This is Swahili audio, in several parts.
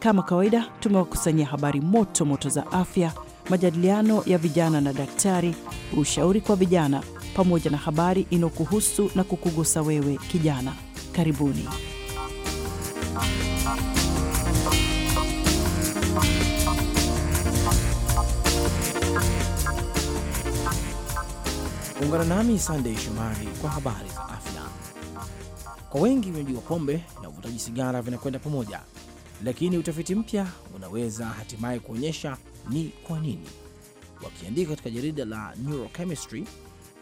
Kama kawaida, tumewakusanyia habari moto moto za afya, majadiliano ya vijana na daktari, ushauri kwa vijana, pamoja na habari inayokuhusu na kukugusa wewe kijana. Karibuni. Ungana nami Sandey Shomari kwa habari za afya. Kwa wengi, unajua pombe na uvutaji sigara vinakwenda pamoja lakini utafiti mpya unaweza hatimaye kuonyesha ni kwa nini. Wakiandika katika jarida la Neurochemistry,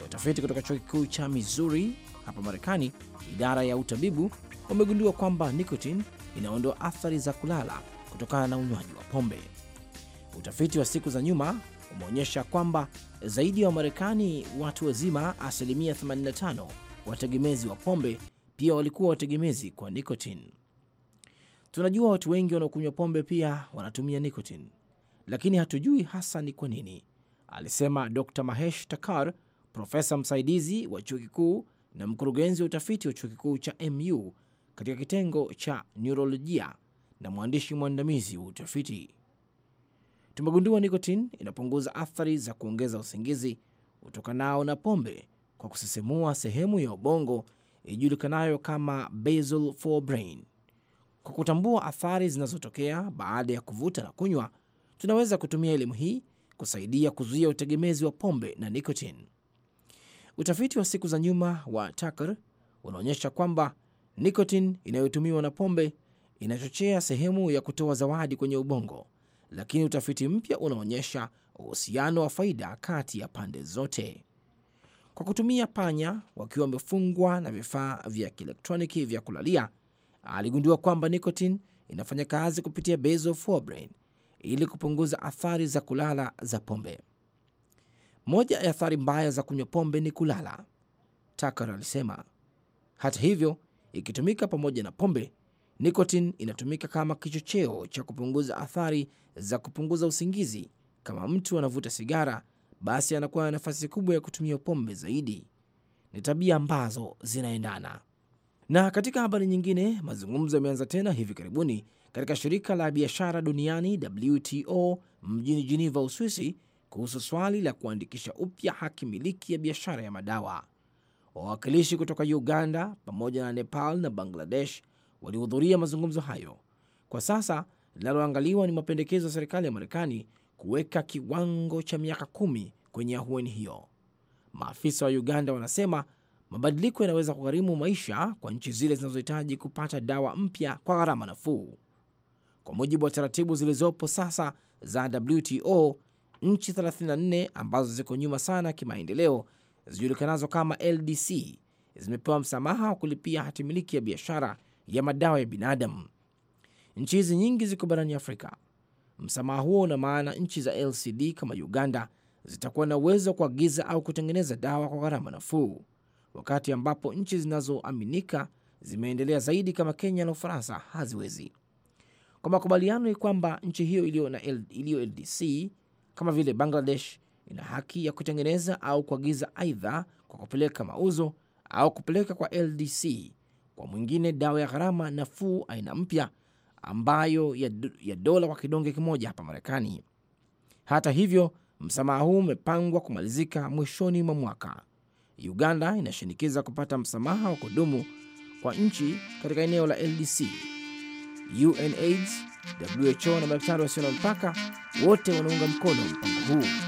watafiti kutoka chuo kikuu cha Missouri hapa Marekani, idara ya utabibu, wamegundua kwamba nikotini inaondoa athari za kulala kutokana na unywaji wa pombe. Utafiti wa siku za nyuma umeonyesha kwamba zaidi ya wa Wamarekani watu wazima asilimia 85 wategemezi wa pombe pia walikuwa wategemezi kwa nikotini. Tunajua watu wengi wanaokunywa pombe pia wanatumia nikotin, lakini hatujui hasa ni kwa nini, alisema Dr Mahesh Takar, profesa msaidizi wa chuo kikuu na mkurugenzi wa utafiti wa chuo kikuu cha MU katika kitengo cha neurolojia na mwandishi mwandamizi wa utafiti. Tumegundua nikotin inapunguza athari za kuongeza usingizi utokanao na pombe kwa kusisimua sehemu ya ubongo ijulikanayo kama basal forebrain. Kwa kutambua athari zinazotokea baada ya kuvuta na kunywa, tunaweza kutumia elimu hii kusaidia kuzuia utegemezi wa pombe na nikotini. Utafiti wa siku za nyuma wa Tucker unaonyesha kwamba nikotini inayotumiwa na pombe inachochea sehemu ya kutoa zawadi kwenye ubongo, lakini utafiti mpya unaonyesha uhusiano wa faida kati ya pande zote. Kwa kutumia panya wakiwa wamefungwa na vifaa vya kielektroniki vya kulalia, aligundua kwamba nikotin inafanya kazi kupitia basal forebrain ili kupunguza athari za kulala za pombe. Moja ya athari mbaya za kunywa pombe ni kulala, Tucker alisema. Hata hivyo, ikitumika pamoja na pombe, nikotin inatumika kama kichocheo cha kupunguza athari za kupunguza usingizi. Kama mtu anavuta sigara, basi anakuwa na nafasi kubwa ya kutumia pombe zaidi. Ni tabia ambazo zinaendana. Na katika habari nyingine, mazungumzo yameanza tena hivi karibuni katika shirika la biashara duniani WTO mjini Geneva, Uswisi, kuhusu swali la kuandikisha upya haki miliki ya biashara ya madawa. Wawakilishi kutoka Uganda pamoja na Nepal na Bangladesh walihudhuria mazungumzo hayo. Kwa sasa linaloangaliwa ni mapendekezo ya serikali ya Marekani kuweka kiwango cha miaka kumi kwenye ahueni hiyo. Maafisa wa Uganda wanasema mabadiliko yanaweza kugharimu maisha kwa nchi zile zinazohitaji kupata dawa mpya kwa gharama nafuu. Kwa mujibu wa taratibu zilizopo sasa za WTO, nchi 34 ambazo ziko nyuma sana kimaendeleo zijulikanazo kama LDC zimepewa msamaha wa kulipia hatimiliki ya biashara ya madawa ya binadamu. Nchi hizi nyingi ziko barani Afrika. Msamaha huo una maana nchi za LCD kama Uganda zitakuwa na uwezo wa kuagiza au kutengeneza dawa kwa gharama nafuu wakati ambapo nchi zinazoaminika zimeendelea zaidi kama Kenya na Ufaransa haziwezi. Kwa makubaliano ni kwamba nchi hiyo iliyo LDC kama vile Bangladesh ina haki ya kutengeneza au kuagiza, aidha kwa kupeleka mauzo au kupeleka kwa LDC kwa mwingine dawa ya gharama nafuu aina mpya ambayo ya, ya dola kwa kidonge kimoja hapa Marekani. Hata hivyo, msamaha huu umepangwa kumalizika mwishoni mwa mwaka. Uganda inashinikiza kupata msamaha wa kudumu kwa nchi katika eneo la LDC. UNAIDS, WHO na Madaktari Wasio na Mpaka wote wanaunga mkono mpango huu.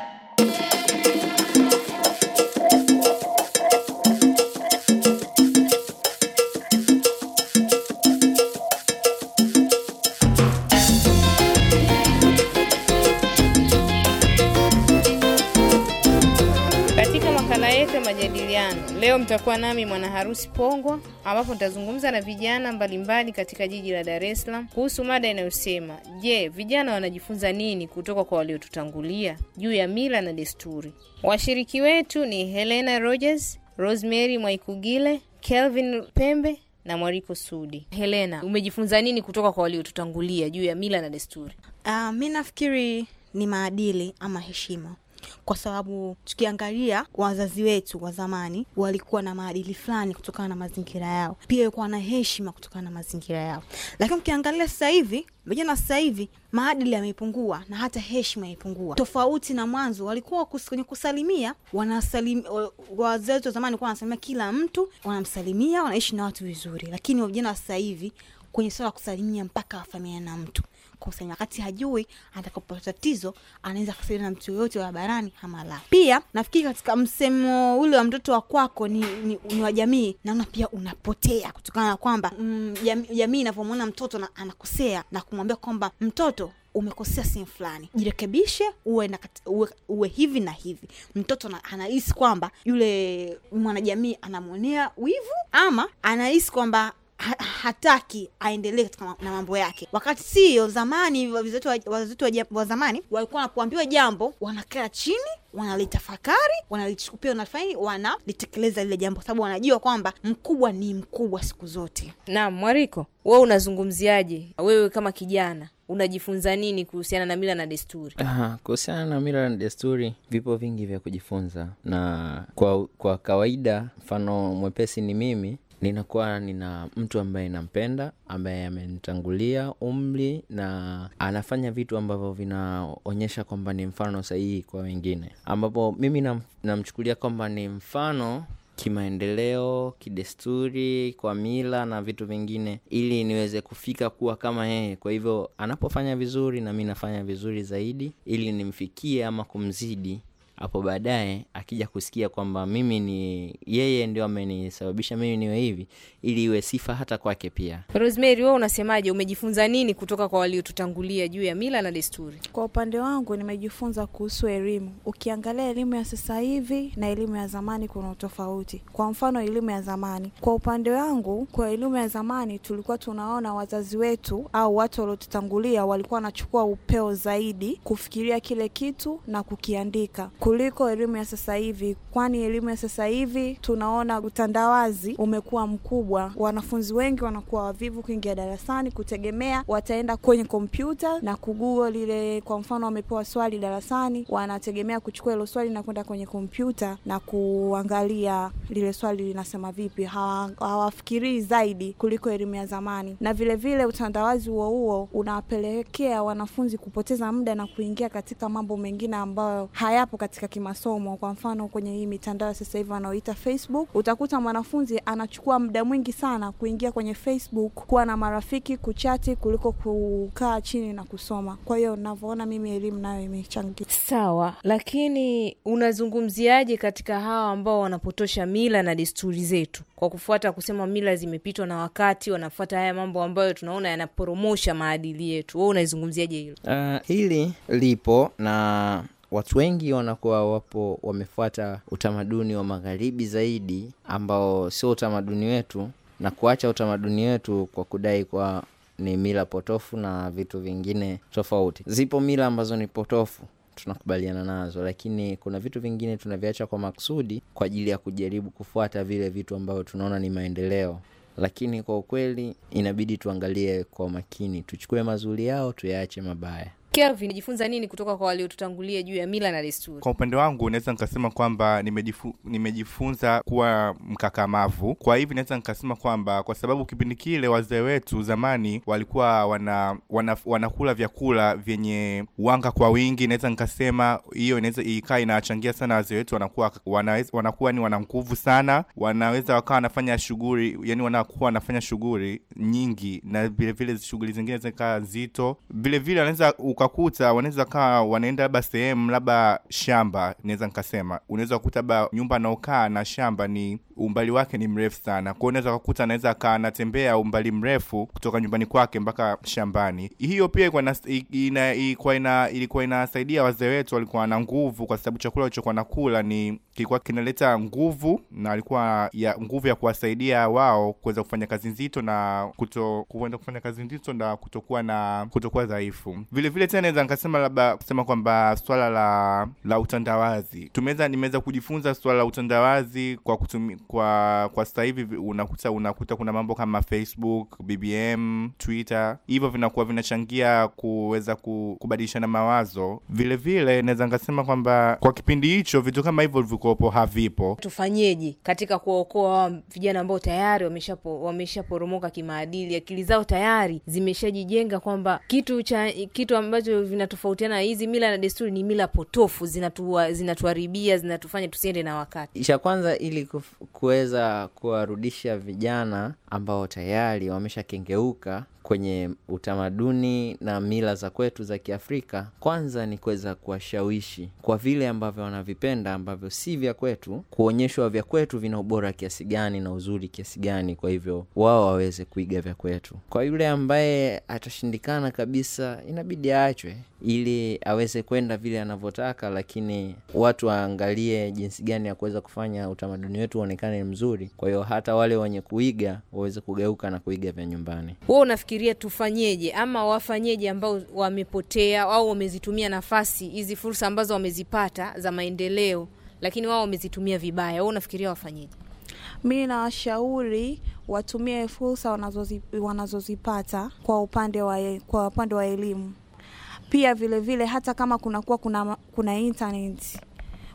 nitakuwa nami Mwana Harusi Pongwa, ambapo nitazungumza na vijana mbalimbali katika jiji la Dar es Salaam kuhusu mada inayosema je, vijana wanajifunza nini kutoka kwa waliotutangulia juu ya mila na desturi. Washiriki wetu ni Helena Rogers, Rosemary Mwaikugile, Kelvin Pembe na Mwariko Sudi. Helena, umejifunza nini kutoka kwa waliotutangulia juu ya mila na desturi? Uh, mi nafikiri ni maadili ama heshima, kwa sababu tukiangalia wazazi wetu wa zamani walikuwa na maadili fulani kutokana na mazingira yao, pia walikuwa na heshima kutokana na mazingira yao. Lakini ukiangalia sasa hivi vijana sasa hivi maadili yamepungua na hata heshima yamepungua, tofauti na mwanzo. Walikuwa kwenye kusalimia, wanasalim, wazee wetu wa zamani walikuwa wanasalimia kila mtu, wanamsalimia, wanaishi na watu vizuri, lakini vijana sasa hivi kwenye swala ya kusalimia mpaka wafahamiana na mtu kusanya wakati hajui atakapopata tatizo anaweza kusaidia na mtu yoyote barabarani ama la. Pia nafikiri katika msemo ule wa mtoto wa kwako ni, ni, ni wa jamii, naona pia unapotea kutokana na kwamba mm, jamii inavyomwona mtoto na, anakosea na kumwambia kwamba mtoto umekosea sehemu fulani, jirekebishe, uwe, uwe, uwe hivi na hivi. Mtoto anahisi kwamba yule mwanajamii anamwonea wivu ama anahisi kwamba hataki aendelee na mambo yake, wakati sio zamani. wazetu wa, wa zamani walikuwa wanapoambiwa jambo wanakaa chini wanalitafakari wanalichukupia, wanafanya wanalitekeleza lile jambo, sababu wanajua kwamba mkubwa ni mkubwa siku zote. Naam, Mwariko, wewe unazungumziaje? Wewe kama kijana unajifunza nini kuhusiana na mila na desturi? kuhusiana na mila na desturi, vipo vingi vya kujifunza, na kwa, kwa kawaida mfano mwepesi ni mimi ninakuwa nina mtu ambaye nampenda ambaye amenitangulia umri na anafanya vitu ambavyo vinaonyesha kwamba ni mfano sahihi kwa wengine, ambapo mimi namchukulia namchukulia kwamba ni mfano kimaendeleo, kidesturi, kwa mila na vitu vingine, ili niweze kufika kuwa kama yeye. Kwa hivyo anapofanya vizuri, na mi nafanya vizuri zaidi, ili nimfikie ama kumzidi hapo baadaye akija kusikia kwamba mimi ni yeye ndio amenisababisha mimi niwe hivi, ili iwe sifa hata kwake pia. Rosemary, we unasemaje? Umejifunza nini kutoka kwa waliotutangulia juu ya mila na desturi? Kwa upande wangu nimejifunza kuhusu elimu. Ukiangalia elimu ya sasa hivi na elimu ya zamani kuna utofauti. Kwa mfano, elimu ya zamani, kwa upande wangu, kwa elimu ya zamani tulikuwa tunaona wazazi wetu au watu waliotutangulia walikuwa wanachukua upeo zaidi kufikiria kile kitu na kukiandika kuliko elimu ya sasa hivi, kwani elimu ya sasa hivi tunaona utandawazi umekuwa mkubwa. Wanafunzi wengi wanakuwa wavivu kuingia darasani, kutegemea wataenda kwenye kompyuta na kugoogle lile. Kwa mfano, wamepewa swali darasani, wanategemea kuchukua hilo swali na kwenda kwenye kompyuta na kuangalia lile swali linasema vipi. Hawafikirii zaidi kuliko elimu ya zamani, na vilevile vile utandawazi huo huo unawapelekea wanafunzi kupoteza muda na kuingia katika mambo mengine ambayo hayapo katika katika kimasomo. Kwa mfano kwenye hii mitandao sasa hivi wanaoita Facebook, utakuta mwanafunzi anachukua muda mwingi sana kuingia kwenye Facebook kuwa na marafiki, kuchati kuliko kukaa chini na kusoma. Kwa hiyo navyoona mimi elimu nayo imechangia. Sawa, lakini unazungumziaje katika hawa ambao wanapotosha mila na desturi zetu kwa kufuata kusema mila zimepitwa na wakati, wanafuata haya mambo ambayo tunaona yanaporomosha maadili yetu? Wewe unaizungumziaje hilo? Uh, hili lipo na watu wengi wanakuwa wapo wamefuata utamaduni wa magharibi zaidi ambao sio utamaduni wetu na kuacha utamaduni wetu kwa kudai kwa ni mila potofu na vitu vingine tofauti. Zipo mila ambazo ni potofu tunakubaliana nazo, lakini kuna vitu vingine tunaviacha kwa maksudi kwa ajili ya kujaribu kufuata vile vitu ambavyo tunaona ni maendeleo. Lakini kwa ukweli, inabidi tuangalie kwa makini, tuchukue mazuri yao, tuyaache mabaya. Kelvin, nini kutoka kwa waliotutangulia juu ya mila na desturi? Kwa upande wangu naweza nikasema kwamba nimejifu, nimejifunza kuwa mkakamavu. Kwa hivi naweza nikasema kwamba kwa sababu kipindi kile wazee wetu zamani walikuwa wana, wana, wanakula vyakula vyenye wanga kwa wingi, naweza nikasema hiyo ikaa inawachangia sana wazee wetu wanakuwa wana, wanakuwa ni wana nguvu sana, wanaweza wakawa wanafanya shughuli yani wanakuwa wanafanya shughuli nyingi na vilevile shughuli zingine zikaa nzito vilevile wanaweza ukakuta wanaweza kaa wanaenda labda sehemu labda shamba naweza nikasema unaweza kukuta labda nyumba anaokaa na shamba ni umbali wake ni mrefu sana kwao unaweza kakuta anaweza kaa anatembea umbali mrefu kutoka nyumbani kwake mpaka shambani hiyo pia ilikuwa ina, ilikuwa ina, ilikuwa inasaidia wazee wetu walikuwa na nguvu kwa sababu chakula walichokuwa nakula ni kilikuwa kinaleta nguvu na alikuwa ya nguvu ya kuwasaidia wao kuweza kufanya kazi nzito na kuto kuenda kufanya kazi nzito na kutokuwa na kutokuwa dhaifu vile vile pia naweza nikasema labda kusema kwamba swala la la utandawazi tumeweza nimeweza kujifunza swala la utandawazi kwa kutumi, kwa kwa sasa hivi unakuta unakuta kuna mambo kama Facebook, BBM, Twitter, hivyo vinakuwa vinachangia kuweza kubadilishana mawazo. Vile vile naweza nikasema kwamba kwa kipindi hicho vitu kama hivyo vikopo havipo. Tufanyeje katika kuwaokoa vijana ambao tayari wameshapo wameshaporomoka kimaadili, akili zao tayari zimeshajijenga kwamba kitu cha kitu ambacho ambacho vinatofautiana hizi mila na desturi ni mila potofu, zinatuharibia, zinatufanya tusiende na wakati. Cha kwanza ili kuweza kuwarudisha vijana ambao tayari wameshakengeuka kwenye utamaduni na mila za kwetu za Kiafrika, kwanza ni kuweza kuwashawishi kwa vile ambavyo wanavipenda ambavyo si vya kwetu, kuonyeshwa vya kwetu vina ubora kiasi gani na uzuri kiasi gani, kwa hivyo wao waweze kuiga vya kwetu. Kwa yule ambaye atashindikana kabisa, inabidi aachwe ili aweze kwenda vile anavyotaka, lakini watu waangalie jinsi gani ya kuweza kufanya utamaduni wetu uonekane mzuri. Kwa hiyo hata wale wenye kuiga waweze kugeuka na kuiga vya nyumbani mnafikiria tufanyeje ama wafanyeje ambao wamepotea au wamezitumia nafasi hizi fursa ambazo wamezipata za maendeleo, lakini wao wamezitumia vibaya? wao unafikiria wafanyeje? Mi nawashauri watumie fursa wanazozi, wanazozipata kwa upande wa, e, kwa upande wa elimu pia vilevile vile, hata kama kunakuwa kuna, kuna intaneti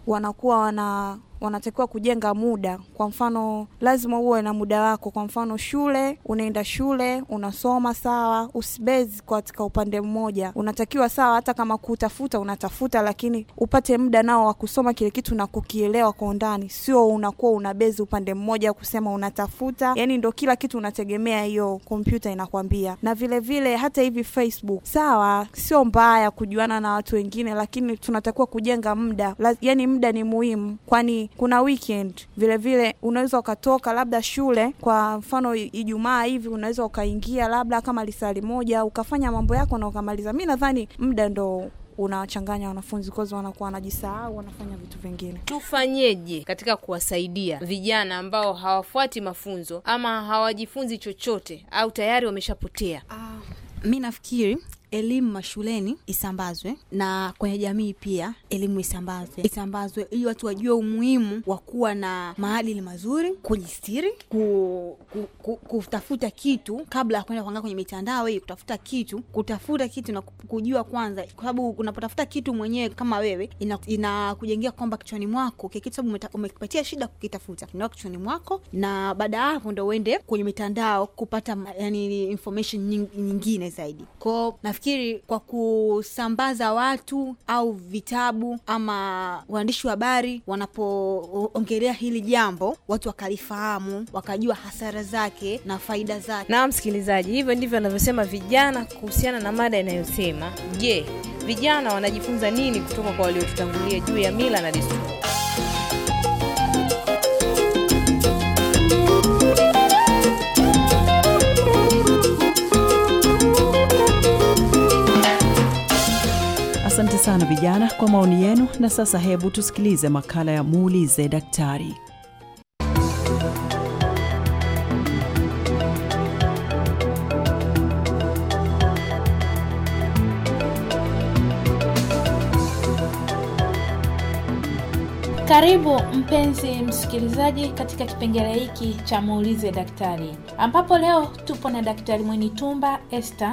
wanakuwa wana wanatakiwa kujenga muda. Kwa mfano, lazima uwe na muda wako. Kwa mfano, shule, unaenda shule unasoma, sawa, usibezi katika upande mmoja. Unatakiwa sawa, hata kama kutafuta unatafuta, lakini upate muda nao wa kusoma kile kitu na kukielewa kwa undani, sio unakuwa unabezi upande mmoja kusema unatafuta, yani ndo kila kitu unategemea hiyo kompyuta inakwambia. Na vilevile vile hata hivi Facebook, sawa, sio mbaya kujuana na watu wengine, lakini tunatakiwa kujenga muda, yani muda ni muhimu, kwani kuna weekend vilevile unaweza ukatoka labda shule, kwa mfano Ijumaa hivi unaweza ukaingia labda kama lisali moja ukafanya mambo yako na ukamaliza. Mi nadhani muda ndo unawachanganya wanafunzi kozi, wanakuwa wanajisahau, wanafanya vitu vingine. Tufanyeje katika kuwasaidia vijana ambao hawafuati mafunzo ama hawajifunzi chochote au tayari wameshapotea? Uh, mi nafikiri elimu mashuleni isambazwe na kwenye jamii pia elimu isambazwe isambazwe ili watu wajue umuhimu wa kuwa na maadili mazuri kujistiri ku, ku, ku, kutafuta kitu kabla ya kwenda kuangaa kwenye mitandao hii kutafuta kitu kutafuta kitu na kujua kwanza kwa sababu unapotafuta kitu mwenyewe kama wewe inakujengea ina kwamba kichwani mwako kikitu sababu umekipatia shida kukitafuta kinaa kichwani mwako na baada ya hapo ndo uende kwenye mitandao kupata yani information nyingine zaidi kwao nafikiri kwa kusambaza watu au vitabu ama waandishi wa habari wanapoongelea hili jambo, watu wakalifahamu, wakajua hasara zake na faida zake. Na msikilizaji, hivyo ndivyo anavyosema vijana kuhusiana na mada inayosema je, vijana wanajifunza nini kutoka kwa waliotutangulia juu ya mila na desturi. Asante sana vijana kwa maoni yenu. Na sasa hebu tusikilize makala ya muulize daktari. Karibu mpenzi msikilizaji, katika kipengele hiki cha muulize daktari, ambapo leo tupo na Daktari Mwenitumba este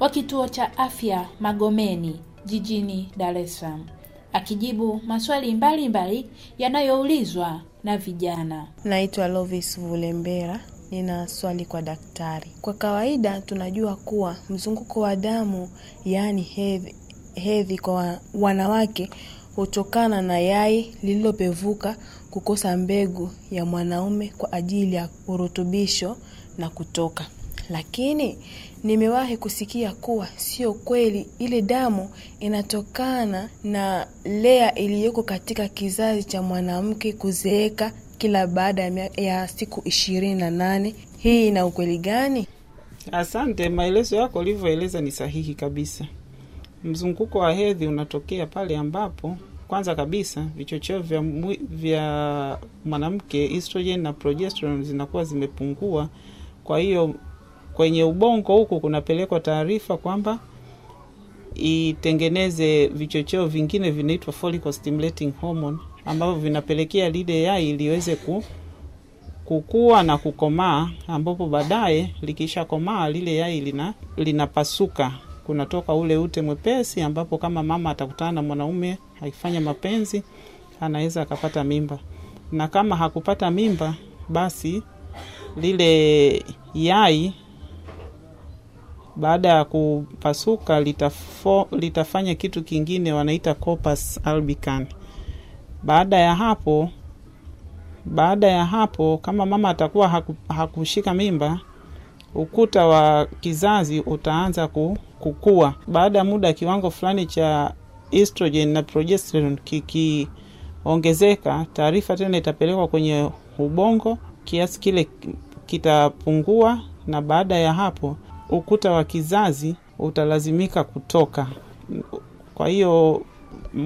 wa kituo cha afya Magomeni jijini Dar es Salaam akijibu maswali mbalimbali yanayoulizwa na vijana. Naitwa Lovis Vulembera. Nina swali kwa daktari. Kwa kawaida tunajua kuwa mzunguko wa damu yaani hedhi, hedhi kwa wanawake hutokana na yai lililopevuka kukosa mbegu ya mwanaume kwa ajili ya urutubisho na kutoka lakini nimewahi kusikia kuwa sio kweli. Ile damu inatokana na lea iliyoko katika kizazi cha mwanamke kuzeeka kila baada ya siku ishirini na nane. Hii ina ukweli gani? Asante, maelezo yako ulivyoeleza ni sahihi kabisa. Mzunguko wa hedhi unatokea pale ambapo kwanza kabisa vichocheo vya, vya mwanamke estrogen na progesterone zinakuwa zimepungua. Kwa hiyo kwenye ubongo huku kunapelekwa taarifa kwamba itengeneze vichocheo vingine vinaitwa follicle stimulating hormone ambavyo vinapelekea lile yai liweze ku, kukua na kukomaa, ambapo baadaye likishakomaa lile yai lina, linapasuka kunatoka ule ute mwepesi, ambapo kama mama atakutana na mwanaume akifanya mapenzi anaweza akapata mimba, na kama hakupata mimba basi lile yai baada ya kupasuka litafo, litafanya kitu kingine wanaita corpus albican Baada ya hapo baada ya hapo, kama mama atakuwa haku, hakushika mimba, ukuta wa kizazi utaanza kukua. Baada ya muda, kiwango fulani cha estrogen na progesterone kikiongezeka, taarifa tena itapelekwa kwenye ubongo, kiasi kile kitapungua, na baada ya hapo ukuta wa kizazi utalazimika kutoka. Kwa hiyo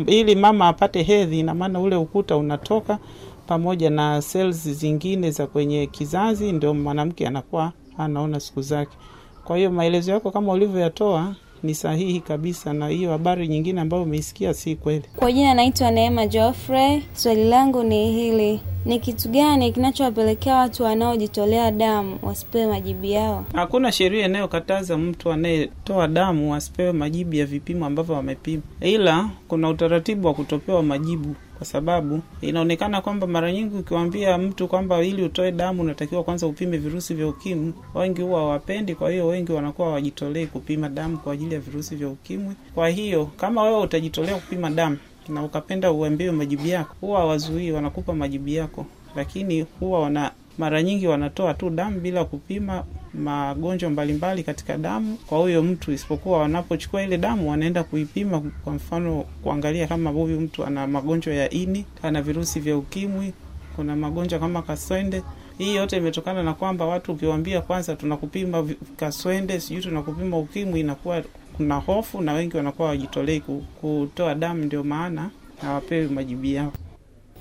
ili mama apate hedhi, ina maana ule ukuta unatoka pamoja na cells zingine za kwenye kizazi, ndio mwanamke anakuwa anaona siku zake. Kwa hiyo maelezo yako kama ulivyoyatoa ni sahihi kabisa, na hiyo habari nyingine ambayo umeisikia si kweli. Kwa jina naitwa Neema joffrey swali langu ni hili: ni kitu gani kinachowapelekea watu wanaojitolea damu wasipewe majibu yao? Hakuna sheria inayokataza mtu anayetoa damu asipewe majibu ya vipimo ambavyo wamepima, ila kuna utaratibu wa kutopewa majibu kwa sababu inaonekana kwamba mara nyingi ukiwambia mtu kwamba ili utoe damu unatakiwa kwanza upime virusi vya ukimwi, wengi huwa hawapendi. Kwa hiyo wengi wanakuwa wajitolee kupima damu kwa ajili ya virusi vya ukimwi. Kwa hiyo kama wewe utajitolea kupima damu na ukapenda uambiwe majibu yako, huwa wazuii wanakupa majibu yako, lakini huwa wana mara nyingi wanatoa tu damu bila kupima magonjwa mbalimbali katika damu kwa huyo mtu, isipokuwa wanapochukua ile damu wanaenda kuipima, kwa mfano kuangalia kama huyu mtu ana magonjwa ya ini, ana virusi vya ukimwi, kuna magonjwa kama kaswende. Hii yote imetokana na kwamba watu ukiwaambia kwanza tunakupima kaswende, sijui tunakupima ukimwi, inakuwa kuna hofu na wengi wanakuwa wajitolei kutoa damu, ndio maana hawapewi majibu yao.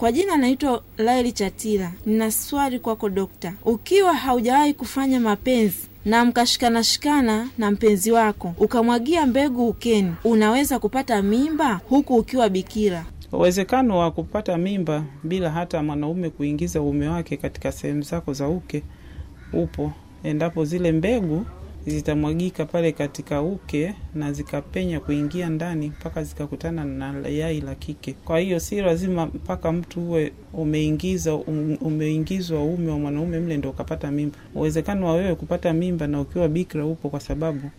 Kwa jina naitwa Laili Chatila. Nina swali kwako dokta, ukiwa haujawahi kufanya mapenzi na mkashikanashikana na mpenzi wako ukamwagia mbegu ukeni, unaweza kupata mimba huku ukiwa bikira? Uwezekano wa kupata mimba bila hata mwanaume kuingiza uume wake katika sehemu zako za uke upo, endapo zile mbegu zitamwagika pale katika uke na zikapenya kuingia ndani mpaka zikakutana na yai la kike. Kwa hiyo si lazima mpaka mtu uwe umeingiza um, umeingizwa ume wa mwanaume mle ndo ukapata mimba. Uwezekano wa wewe kupata mimba na ukiwa bikira upo, kwa sababu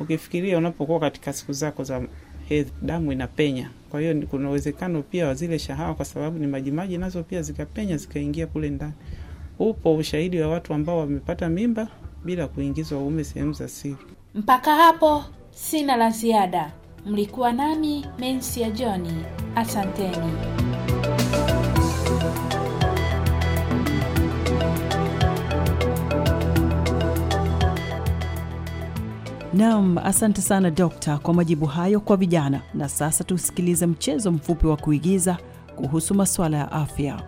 ukifikiria, unapokuwa katika siku zako za hedhi, damu inapenya. Kwa hiyo kuna uwezekano pia wa zile shahawa, kwa sababu ni majimaji, nazo pia zikapenya zikaingia kule ndani. Upo ushahidi wa watu ambao wamepata mimba bila kuingiza waume sehemu za siri. Mpaka hapo sina la ziada. Mlikuwa nami mensi ya Johni, asanteni. Naam, asante sana dokta kwa majibu hayo kwa vijana. Na sasa tusikilize mchezo mfupi wa kuigiza kuhusu masuala ya afya.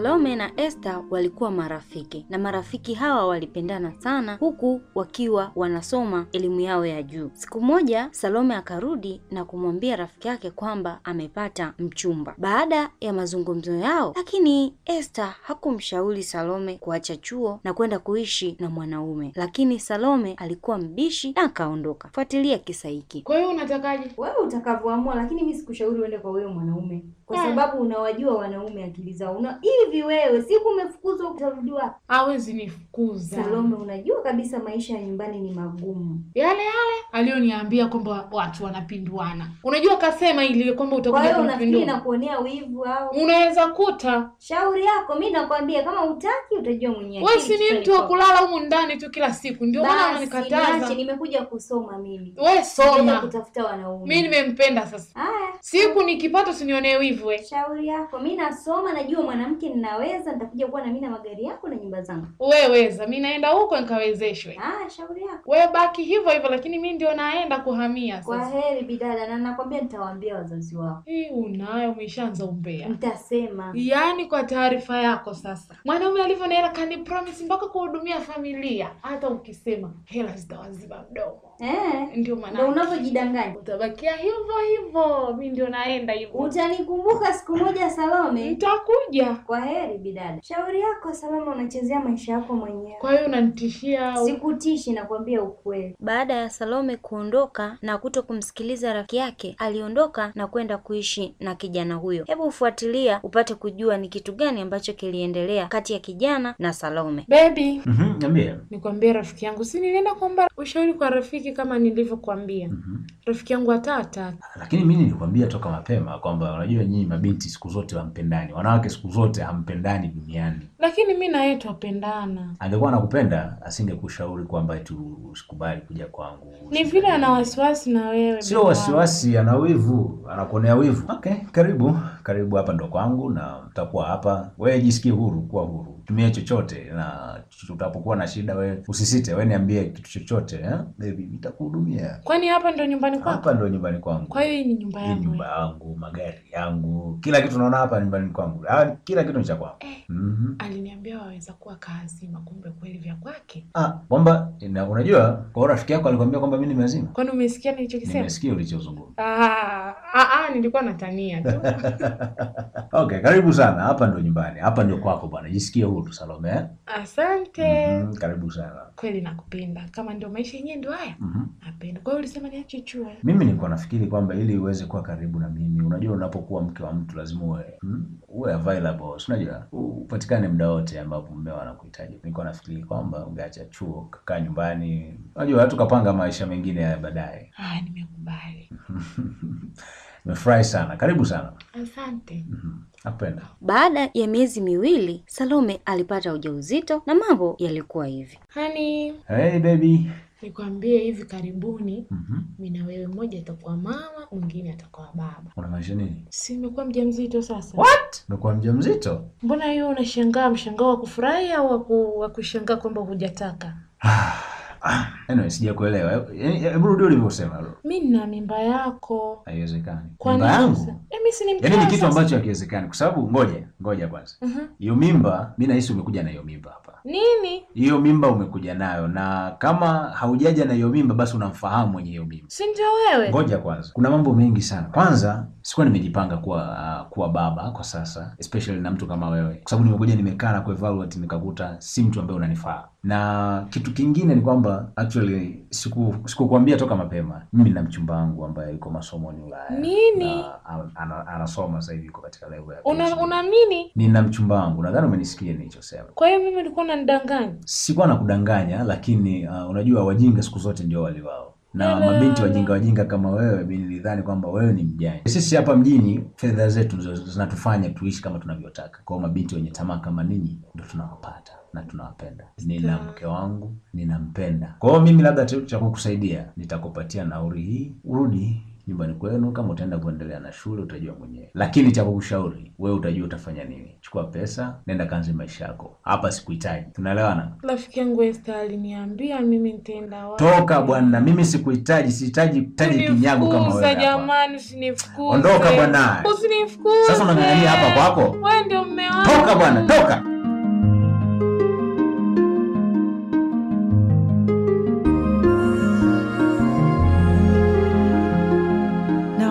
Salome na Esther walikuwa marafiki na marafiki hawa walipendana sana, huku wakiwa wanasoma elimu yao ya juu. Siku moja Salome akarudi na kumwambia rafiki yake kwamba amepata mchumba. Baada ya mazungumzo yao, lakini Esther hakumshauri Salome kuacha chuo na kwenda kuishi na mwanaume, lakini Salome alikuwa mbishi na akaondoka. Fuatilia kisa hiki. Kwa hiyo unatakaje wewe utakavyoamua, lakini mi sikushauri uende kwa huyo mwanaume kwa eh. sababu unawajua wanaume akili zao. Una hivi wewe, siku umefukuzwa utarudi wapi? Hawezi nifukuza Salome, unajua kabisa maisha ya nyumbani ni magumu, yale yale aliyoniambia kwamba watu wanapinduana. Unajua kasema ili kwamba utakuja kwa kupindua na kuonea wivu au unaweza kuta. Shauri yako, mimi nakwambia, kama utaki utajua mwenyewe. Wewe si ni mtu wa kulala humu ndani tu kila siku, ndio maana unanikataza. Basi Nimekuja kusoma mimi, wewe soma, kutafuta wanaume. Mimi nimempenda sasa. Haya, siku nikipata usinionee wivu hivyo. Shauri yako. Mimi nasoma, najua mwanamke ninaweza, nitakuja kuwa na mimi na magari yako na nyumba zangu. Wewe weza, mimi naenda huko nikawezeshwe. Ah, shauri yako. Wewe baki hivyo hivyo, lakini mimi ndio naenda kuhamia sasa. Kwa bidada, na nakwambia nitawaambia wazazi wako. Hii unayo umeshaanza umbea. Nitasema. Yaani kwa taarifa yako sasa. Mwanaume alivyo na hela kani promise mpaka kuhudumia familia. Hata ukisema hela zitawaziba mdomo. Eh, ndio maana ndio unavyojidanganya, utabakia hivyo hivyo. Mi ndio naenda hivyo, utanikumbuka siku moja Salome. Nitakuja. Kwa heri bidada, shauri yako Salome, unachezea maisha yako mwenyewe. Kwa hiyo unanitishia? Sikutishi, nakwambia ukweli. Baada ya Salome kuondoka na kuto kumsikiliza rafiki yake, aliondoka na kwenda kuishi na kijana huyo. Hebu ufuatilia upate kujua ni kitu gani ambacho kiliendelea kati ya kijana na Salome. Baby, mhm, nikwambie mm -hmm, nikwambia rafiki yangu, si nilienda kuomba ushauri kwa rafiki rafiki kama nilivyokuambia. mm -hmm. Rafiki yangu hatata. Ah, lakini mimi nilikwambia toka mapema kwamba unajua nyinyi mabinti siku zote wampendani wanawake siku zote hampendani duniani. Lakini mimi na yeye twapendana. Angekuwa anakupenda asingekushauri kwamba tu usikubali kuja kwangu. Ni vile ana wasiwasi na wewe. Sio wasiwasi, ana wivu, anakuonea wivu. Okay, karibu karibu, hapa ndo kwangu na mtakuwa hapa. Wewe jisikie huru, kuwa huru tumie chochote, na tutapokuwa na shida, we usisite, we niambie kitu chochote eh? Baby nitakuhudumia. Kwani hapa ndio nyumbani kwako? Hapa ndio nyumbani kwangu. Kwa hiyo ni nyumba yangu, nyumba eh? yangu, magari yangu, kila kitu naona hapa nyumbani kwangu, ah, kila kitu ni cha kwangu eh. mm -hmm. Aliniambia waweza kuwa kazi makumbe, kweli vya kwake. Ah, kwamba unajua, kwa rafiki yako alikwambia kwamba mimi nimezima. Kwani umesikia nilichokisema? Nimesikia ulichozungumza. Ah, ah, ah, nilikuwa natania tu. Okay, karibu sana. Hapa ndio nyumbani, hapa ndio kwako bwana, jisikie huu tu Salome. Asante. Mm -hmm. Karibu sana. Kweli nakupenda. Kama ndio maisha yenyewe ndio haya. Mm -hmm. Napenda. Kwa hiyo ulisema niache chuo. Eh? Mimi nilikuwa nafikiri kwamba ili uweze kuwa karibu na mimi, unajua unapokuwa mke wa mtu lazima uwe hmm? uwe available. Unajua upatikane muda wote ambapo mmeo anakuhitaji. Nilikuwa nafikiri kwamba ungeacha chuo, kakaa nyumbani. Unajua kapanga maisha mengine ya baadaye. Ah, nimekubali. Nimefurahi sana, karibu sana. Asante. Mm-hmm. Napenda. Baada ya miezi miwili Salome alipata ujauzito na mambo yalikuwa hivi. Honey. Hey baby. Nikwambie hivi karibuni mm -hmm. Mimi na wewe mmoja atakuwa mama, mwingine atakuwa baba. Unamaanisha nini? Si nimekuwa mjamzito sasa. What? Nimekuwa mjamzito? Mbona hiyo unashangaa, mshangao wa kufurahi au wa kushangaa kwamba hujataka? Anyway, sija kuelewa. Hebu rudi ulivyosema. Mimi nina mimba yako. Haiwezekani. Mimba eh, ni yaani kitu ambacho hakiwezekani kwa sababu ngoja, ngoja kwanza. Mhm. Hiyo uh -huh. mimba mimi nahisi umekuja na hiyo mimba hapa. Nini? Hiyo mimba umekuja nayo na kama haujaja na hiyo mimba basi unamfahamu mwenye hiyo mimba. Si ndio wewe? Ngoja kwanza. Kuna mambo mengi sana. Kwanza sikuwa nimejipanga kuwa uh, kuwa baba kwa sasa, especially na mtu kama wewe. Kwa sababu nimekuja nimekaa na kuevaluate nikakuta si mtu ambaye unanifaa na kitu kingine ni kwamba actually siku sikukuambia toka mapema, mimi na mchumba wangu ambaye yuko masomo ni Ulaya nini, anasoma sasa hivi yuko katika level ya una, una nini? Nina mchumba wangu, nadhani umenisikia nilichosema. Kwa hiyo mimi nilikuwa nanidanganya? Sikuwa nakudanganya, lakini uh, unajua wajinga siku zote ndio waliwao na mabinti wajinga wajinga kama wewe, mimi nilidhani kwamba wewe ni mjani Sisi hapa mjini fedha zetu zinatufanya tuishi kama tunavyotaka. Kwa mabinti wenye tamaa kama ninyi ndio tunawapata na tunawapenda. Nina mke wangu ninampenda. Kwa hiyo mimi labda cha kukusaidia nitakupatia nauri hii, urudi nyumbani kwenu. Kama utaenda kuendelea na shule utajua mwenyewe, lakini cha kukushauri wewe, utajua utafanya nini. Chukua pesa, nenda kanzi maisha yako, hapa sikuhitaji. Tunaelewana? Rafiki yangu Esther aliniambia mimi nitaenda wapi. Toka bwana, mimi sikuhitaji, sihitaji taji kinyago kama wewe. Jamani, usinifukuze! Ondoka bwana, usinifukuze! Sasa unaangalia hapa kwako, wewe ndio mume wangu. Toka bwana, toka.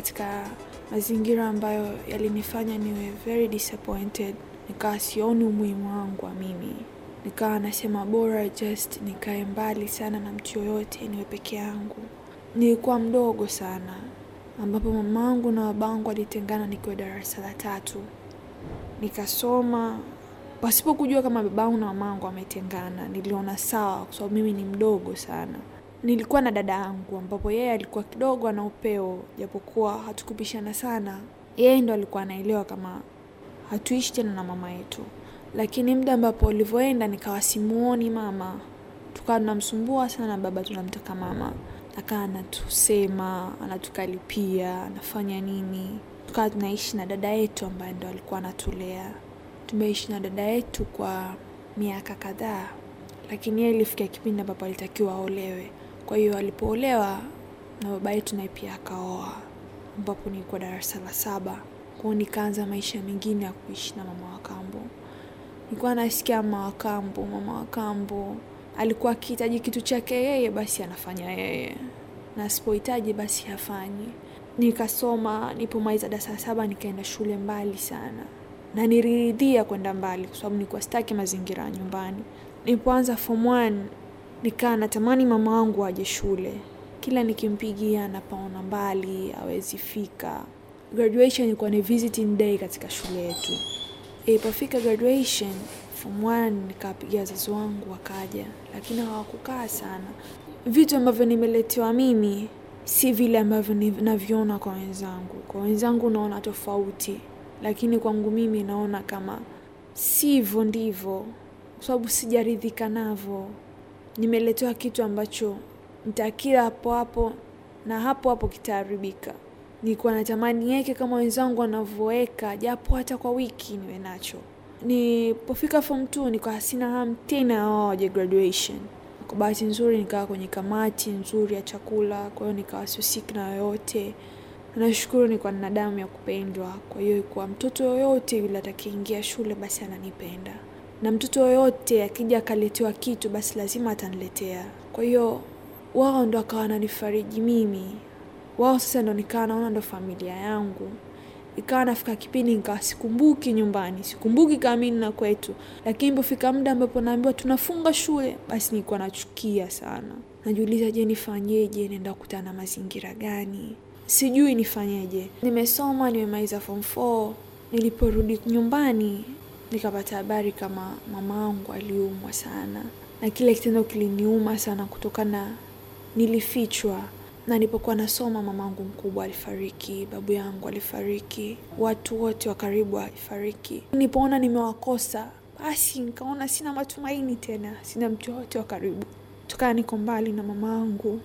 katika mazingira ambayo yalinifanya niwe very disappointed, nikawa sioni umuhimu wangu wa mimi, nikawa nasema bora just nikae mbali sana na mtu yoyote, niwe peke yangu. Nilikuwa mdogo sana, ambapo mamangu na babangu walitengana nikiwa darasa la tatu, nikasoma pasipo kujua kama babangu na mamangu wametengana. Niliona sawa, kwa sababu mimi ni mdogo sana nilikuwa na dada yangu ambapo yeye alikuwa kidogo ana upeo, japokuwa hatukupishana sana. Yeye ndo alikuwa anaelewa kama hatuishi tena na mama yetu, lakini mda ambapo ulivyoenda nikawa simuoni mama, tukawa tunamsumbua sana baba, tunamtaka mama, akaa anatusema, anatukalipia, anafanya nini. Tukawa tunaishi na dada yetu ambaye ndo alikuwa anatulea. Tumeishi na dada yetu kwa miaka kadhaa, lakini yeye ilifikia kipindi ambapo alitakiwa aolewe. Kwa hiyo alipoolewa na baba yetu naye pia akaoa, ambapo nilikuwa darasa la saba. Kwao nikaanza maisha mengine ya kuishi na mama wakambo Nilikuwa nasikia mama wakambo mama wakambo alikuwa akihitaji kitu chake yeye basi anafanya yeye, na asipohitaji basi hafanyi. Nikasoma, nipomaliza darasa la saba nikaenda shule mbali sana, na niliridhia kwenda mbali kwa sababu nilikuwa sitaki mazingira ya nyumbani. Nilipoanza form one Nikaa natamani mama wangu aje shule, kila nikimpigia napaona mbali, awezi fika. Graduation ilikuwa ni visiting day katika shule yetu. Ilipofika graduation form one, nikawapigia wazazi wangu wakaja, lakini hawakukaa sana. Vitu ambavyo nimeletewa mimi si vile ambavyo ninavyoona kwa wenzangu. Kwa wenzangu naona tofauti, lakini kwangu mimi naona kama sivyo ndivyo, kwa sababu sijaridhika navyo nimeletewa kitu ambacho nitakila hapo hapo na hapo hapo kitaharibika. Nilikuwa natamani yeke kama wenzangu wanavyoweka, japo hata kwa wiki niwe nacho. nipofika fom t nikawa sina hamu tena waje graduation. Kwa bahati nzuri nikawa kwenye kamati nzuri ya chakula, kwa hiyo nikawa sihusiki na yoyote. Nashukuru nikwa nina damu ya kupendwa, kwa hiyo ikuwa mtoto yoyote yule atakiingia shule basi ananipenda na mtoto yoyote akija akaletewa kitu basi lazima ataniletea. Kwa hiyo wao ndo akawa nanifariji mimi, wao sasa ndo nikawa naona ndo familia yangu. Ikawa nafika kipindi nikawa sikumbuki nyumbani, sikumbuki kama mimi na kwetu, lakini ilipofika muda ambapo naambiwa tunafunga shule, basi nilikuwa nachukia sana. Najiuliza, je, nifanyeje? Naenda kukutana na mazingira gani? Sijui nifanyeje. Nimesoma, nimemaliza form 4. Niliporudi nyumbani nikapata habari kama mamaangu aliumwa sana, na kile kitendo kiliniuma sana kutokana nilifichwa na nilipokuwa nasoma, mamaangu mkubwa alifariki, babu yangu alifariki, watu wote wa karibu alifariki. Nilipoona nimewakosa, basi nikaona sina matumaini tena, sina mtu wote wa karibu, kutokana niko mbali na mamaangu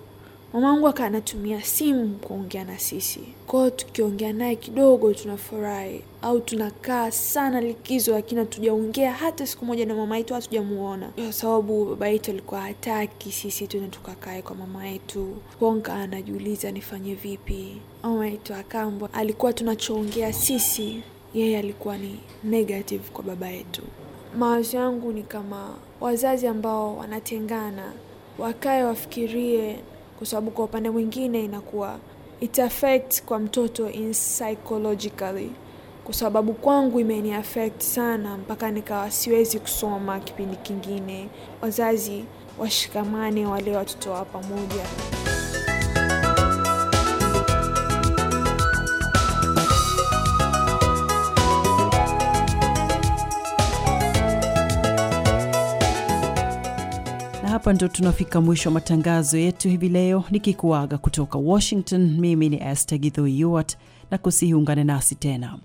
mama wangu aka anatumia simu kuongea na sisi, kwa hiyo tukiongea naye kidogo tunafurahi, au tunakaa sana likizo, lakini hatujaongea hata siku moja na mama yetu, hatujamuona kwa sababu baba yetu alikuwa hataki sisi tuna tukakae kwa mama yetu. Konka anajiuliza nifanye vipi? Mama yetu Akambwa alikuwa tunachoongea sisi, yeye alikuwa ni negative kwa baba yetu. Mawazo yangu ni kama wazazi ambao wanatengana wakae wafikirie kwa sababu kwa upande mwingine inakuwa it affect kwa mtoto in psychologically kwa sababu kwangu imeni affect sana mpaka nikawa siwezi kusoma kipindi kingine. Wazazi washikamane, wale watoto wa pamoja. hapa ndo tunafika mwisho wa matangazo yetu hivi leo, nikikuaga kutoka Washington. Mimi ni este Githo Yuart, na kusihi ungane nasi tena.